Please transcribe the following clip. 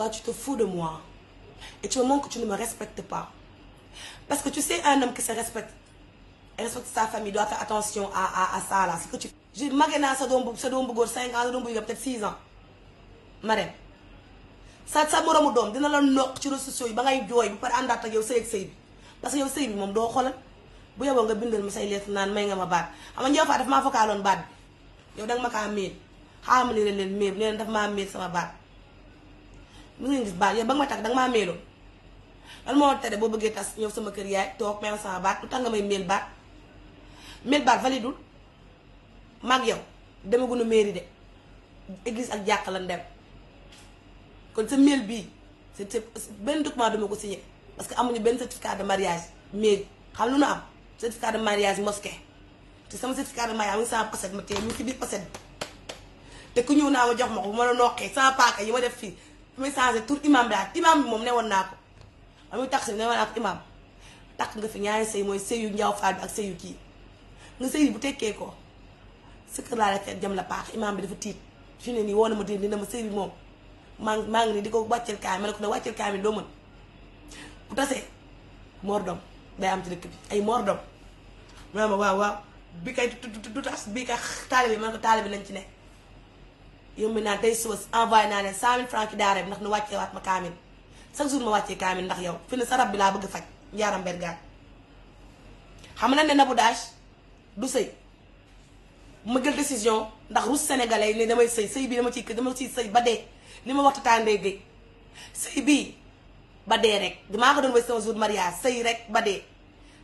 Toi, tu te de moi. Et tu me montres que tu ne me respectes pas. Parce que tu sais, un homme qui se respecte, et sa famille, doit faire attention à, à, à que tu fais. Je magué ça doit ça doit 5 ans, il y a peut-être sa sa moromu doom dina la noq ci réseaux yi ba ngay jooy bu pare àndaat ak yow sëy ak sëy bi parce que yow sëy bi moom doo xoolal bu yeboo nga bindal ma say lettre naan may nga ma baat xam nga Ndiaye Fall daf maa fokkaaloon baat bi yow danga mu ngeen gis baat yow ba nga ma takk danga maa meeloon lan boo bëggee tas ñëw sama kër yaay toog meew sama baat lu tax nga may meel baat meel baat validul mag yow demagunu mairie de église ak jàkk lan dem kon sa meel bii c'est benn document duma ko signé parce que amuñu benn certificat de mariage mais xam lu nu am certificat de mariage mosquée te sama certificat de mariage mu ngi sama pochette ma téye mu ngi ci biir pochette bi te ku ñëw naa ma jox ma ko bu ma la noqee sama paaka yi ma def fii damay changé tur imam daal imam bi moom ne woon naa ko amuy tax si ne woon naa ko imam takk nga fi ñaari sëy mooy sëy yu njaaw faat bi ak sëy yu kii nga sëy bu tekkee ko sa kër laa la fekk jëm la paax imam bi dafa tiit fi ne nii woo na ma dina ma sëy bi moom maa ngi maa ngi nii di ko wàcceel kaay ma ne ko ne wàcceel kaay mi doo mën bu tasee mordom day am ci dëkk bi ay mordom ma ne ma waaw waaw bi kay du tas bii kay taalibe bi ma ne ko taalibe bi nañ ci ne yow mi naan tey suba envoyé naa ne cent mille francs ci daara bi ndax nu wàccee waat ma kaamil chaque jour ma wàccee kaamil ndax yow fi ne sa rab bi laa bëgg faj njaaram bergaan xam na ne Nabou Dash du sëy ma jël décision ndax rus sénégalais ne damay sëy sëy bi dama ciy dama ciy sëy ba dee li ma waxtu tàndee géej sëy bii ba dee rek damaa ko doon way sama jour mariage sëy rek ba dee